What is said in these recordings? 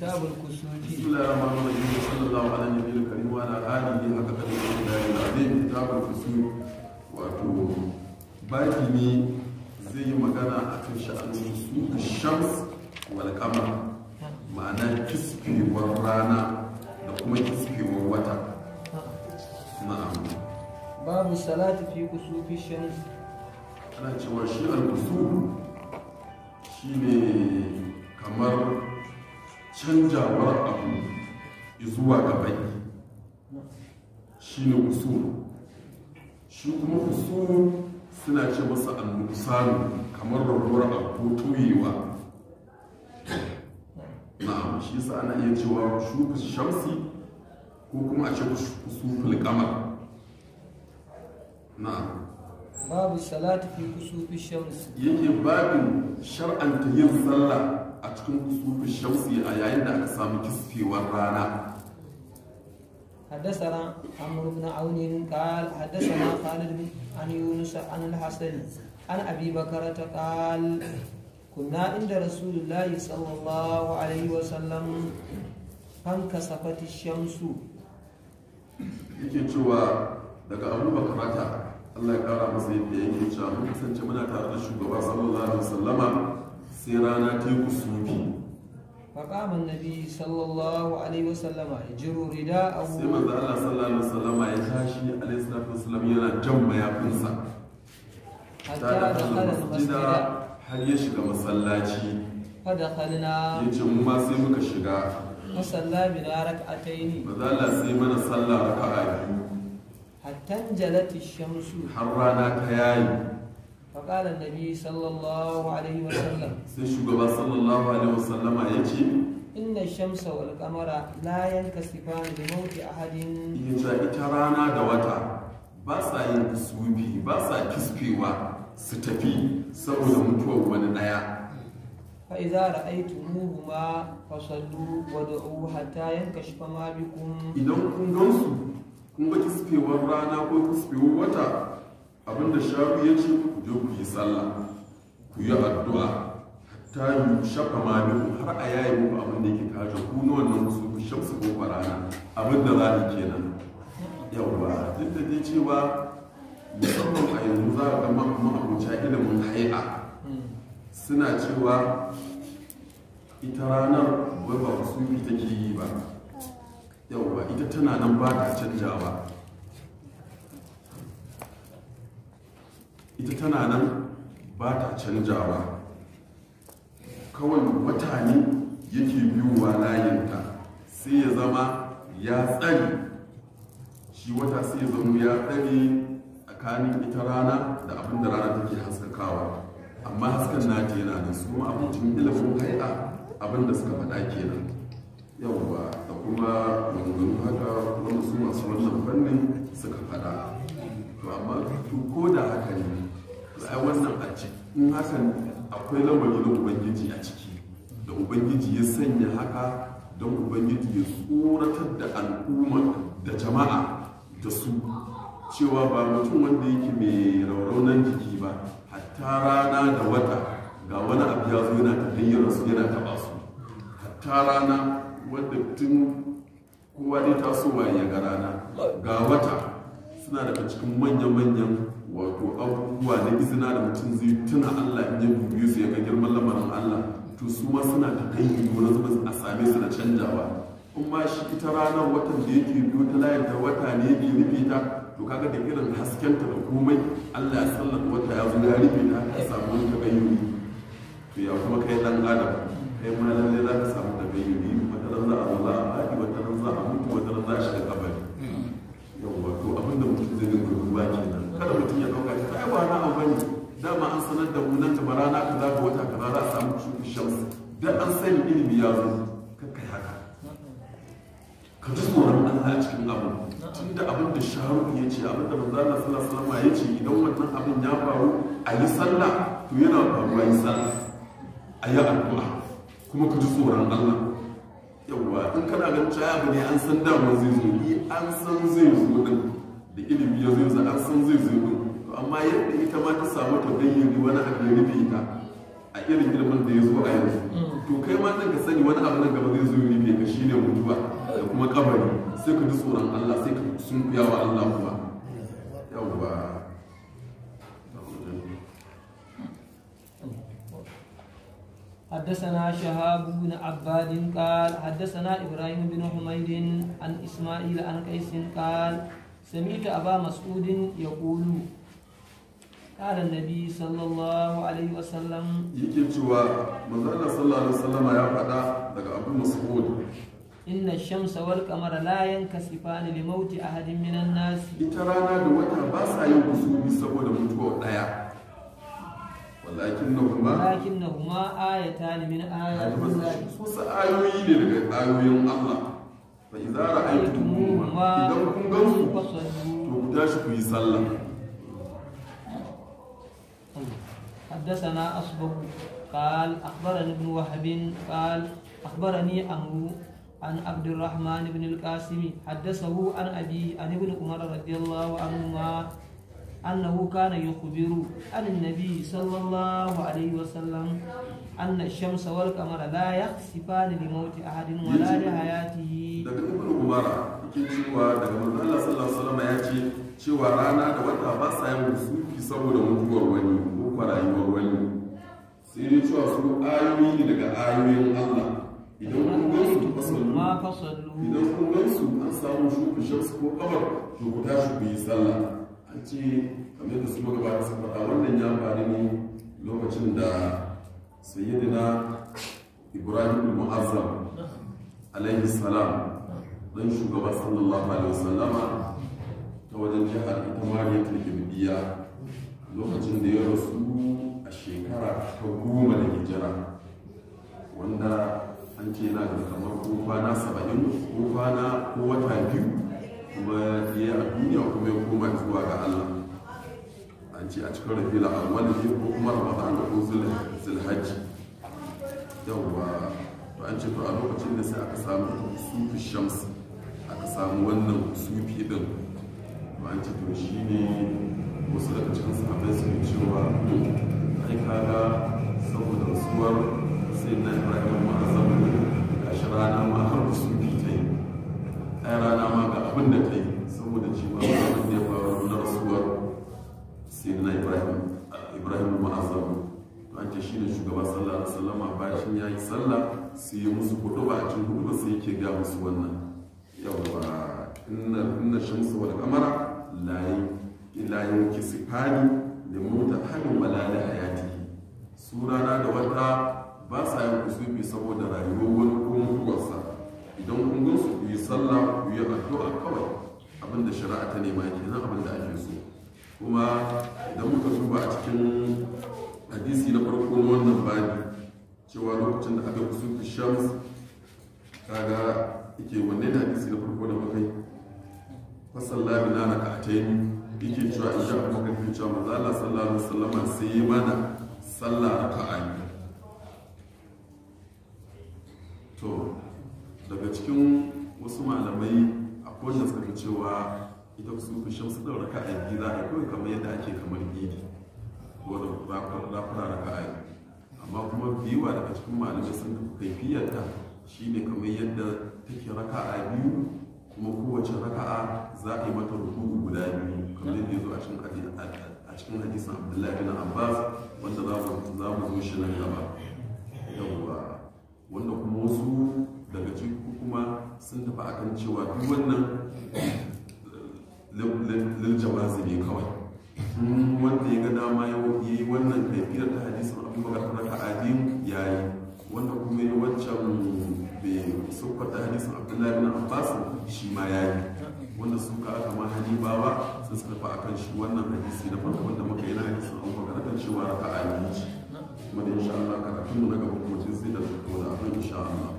كتاب الكسوف بسم الله الرحمن الرحيم وصلى الله على النبي الكريم وعلى اله حق قدره الله العظيم كتاب الكسوف واتو باقي ني زي ما كان اكن شأن كسوف الشمس والقمر معناه كسفي والرانا da kuma kiskewar wata na'am babu salatu fi kusufi shams ana cewa shi al-kusuf shine canjawar abu zuwa ga yi. shi ne usul shi kuma usul suna ce masa al musalu kamar rabuwar abu tuyewa abu shi sa ana iya cewa shuka shamsi ko kuma a ce usul qamar Na. babu salatu fi kusufi shamsi yake babin shar'anta yin sallah a cikin kusufu shamsi a yayin da aka samu kiskewar rana حدثنا عمرو بن عون قال حدثنا خالد عن يونس عن الحسن عن ابي بكرة قال كنا عند رسول الله صلى الله عليه وسلم فانكسفت الشمس yake cewa daga abu bakarata Allah ya kara masa yadda yake cewa mun kasance muna tare da shugaba sallallahu alaihi wasallama sai rana ta yi ku sufi faƙa sallallahu alaihi wasallama ya jiro rida a sai maza Allah sallallahu alaihi ya tashi alaihi sallallahu wasallam yana jan mayafinsa ta da kalin masjida har ya shiga masallaci ya ce mu ma sai muka shiga masallami na rak a ta yi ne sai mana sallah raka a jalati shamsu har rana ta yayi فقال النبي صلى الله عليه وسلم سيشوغبا صلى الله عليه وسلم يجي إن الشمس والقمر لا ينكسفان لموت أحد يجا إترانا دوتا باسا ينكسوبي باسا كسبيوا ستفي سأولا متوى وننايا فإذا رأيتموهما فصلوا ودعوا حتى ينكشف ما بكم إذا كنتم kun ga kisfewar rana ko kisfewar wata abinda shafi ya ce ku je ku yi sallah ku yi addu'a ta yi shafa biyu har a yayi muku abin da yake kaje ku ne wannan musu shamsu ko farana abin da za ni kenan yawa duk da dai cewa musamman a yanzu za a ga ma'abuta ilimin hai'a suna cewa ita ranar wai ba su take yi ba yawa ita tana nan ba ta canjawa ita tana nan ba ta ba. kawai watani yake biyowa layinta sai ya zama ya tsari shi wata sai ya zama ya tsari tsakanin ita rana da abin da rana take haskakawa amma hasken nati yana da su kuma abincin ilimin hai'a abin da suka faɗa kenan yawwa da kuma maganganu haka wanda su masu wannan fannin suka faɗa to amma ko da haka ne a wannan a ciki in hakan akwai lamari na ubangiji a ciki da ubangiji ya sanya haka don ubangiji ya tsoratar da al'umma da jama'a da su cewa ba mutum wanda yake mai rauraunan jiki ba hatta rana da wata ga wani abu ya zo yana tafayyar su yana taba su hatta rana wanda tun kowa dai tasowa ya ga rana ga wata suna daga cikin manya-manyan wato abubuwa na izina da mutum zai tuna Allah in ya dubi su ya ga girman lamarin Allah to su ma suna ta kai wani zuba a same su da canjawa in ma shi ita ranar watan da yake biyo ta layar da wata ne ya rufe ta to kaga da irin haskenta da komai Allah ya sallata wata ya zo ya rufe ta ta samu wani ta to ya kuma kai dan adam yaro kakkai haka ka ji tsoron Allah a cikin abu tunda abin da sharu ya ce abin da manzala sallallahu alaihi ya ce idan wannan abin ya faru a yi sallah to yana faruwa yi sallah a yi addu'a kuma ka ji tsoron Allah yawwa in kana ganin caya abu ne an san damar zai zo ni an san zai zo din da ilimi ya zo an san zai zo din to amma yadda ita ma ta samu ta dayyari wani abu ya rufe ita a irin ilimin da ya zo a yanzu to kai ma nan ka sani wani abu nan gaba zai zo rufe ka shine mutuwa da kuma kabari sai ka ji tsoron Allah sai ka sunkuya wa Allah kuma yawwa حدثنا شهاب بن عباد قال حدثنا ابراهيم بن حميد عن اسماعيل عن قيس قال سمعت ابا مسعود يقول kara nabi sallallahu alaihi wasallam yake cewa manzo Allah sallallahu alaihi ya faɗa daga Abu Mas'ud inna shamsa wal qamara la yankasifani li mauti ahadin minan nas ita rana da wata ba sa yin kusubi saboda mutuwa daya walakin nahuma walakin nahuma ayatan min ayatin su ayoyi ne daga ayoyin Allah fa idza ra'aytum idan kun gansu to ku tashi ku yi sallah حدثنا أصبغ قال أخبرني ابن وهب قال أخبرني أمرو عن عبد الرحمن بن القاسم حدثه عن أبي عن ابن عمر رضي الله عنهما أنه كان يخبر عن النبي صلى الله عليه وسلم أن الشمس والقمر لا يخسفان لموت أحد ولا لحياته daga ibn umar yake cewa daga manzon Allah sallallahu alaihi wasallam ya ce cewa rana da wata ba sa yin saboda mutuwar wani kuma rayuwar wani sai dai cewa su ayoyi ne daga ayoyin Allah idan kun gan su fasallu idan kun gan su an samu shuka shamsu ko kamar to ku tashi ku yi sallah an ce kamar yadda su magabata su faɗa wannan ya faru ne lokacin da sayyidina ibrahim mu'azzam alaihi salam dan shugaba sallallahu alaihi wasallama ta wajen jihar ita mariyar kirkirbiya lokacin da ya rasu a shekara ta goma da hijira wanda an ce na da kamar ko kwana saba'in ko kwana ko wata biyu kuma ya a duniya kuma ya koma zuwa ga allah an ce a cikin rafi wani da ko kuma ramadan da ko zilhaji yawwa to an ce to a lokacin da sai aka samu sufi shams aka samu wannan sufi din to an ce to shi ne in ya yi sallah su yi musu hudu ba a cikin hudu ba su yake ga musu wannan yawa inna inna shamsu wal qamara la ila yanki sifani li mutahammin wala li su rana da wata ba sa yin kusufi saboda rayuwar wani idan kun gansu ku yi sallah ku yi addu'a kawai abinda shari'a ta nema kenan abinda ake so kuma idan muka duba a cikin hadisi na farko wannan babi cewa lokacin da aka da shams kaga ike wanne da hadisi na farko da makai fasalla bina na katayin ike cewa in sha kuma kan cewa manzo Allah sallallahu alaihi wasallam sai yi mana sallah raka'a to daga cikin wasu malamai akwai da suka cewa ita su fi shamsu da a biyu za a yi kawai kamar yadda ake kamar gini, ko da za ku raka'a biyu amma kuma biyuwa daga cikin malamai sun tafi kaifiyar ta ne kamar yadda take raka'a biyu kuma kowace raka'a za a yi mata ruku'u guda biyu kamar yadda ya zo a cikin hadisin abdullahi bin abbas wanda za mu zo shi nan gaba yawwa wanda kuma wasu daga ciki kuma sun tafi akan cewa duk wannan lil jawazi ne kawai wanda ya ga dama ya yi wannan kaifiyar ta hadisin abubakar na ta'adin ya yi wanda kuma ya wancan bai siffata hadisin abdullahi na abbas shi ma ya yi wanda suka aka ma hanibawa sun suka fa akan shi wannan hadisi na farko wanda muka yi na hadisin abubakar akan cewa raka a yi ci kuma da insha Allah karatun mu na gaba kuma sai da da abin insha Allah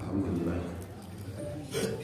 alhamdulillah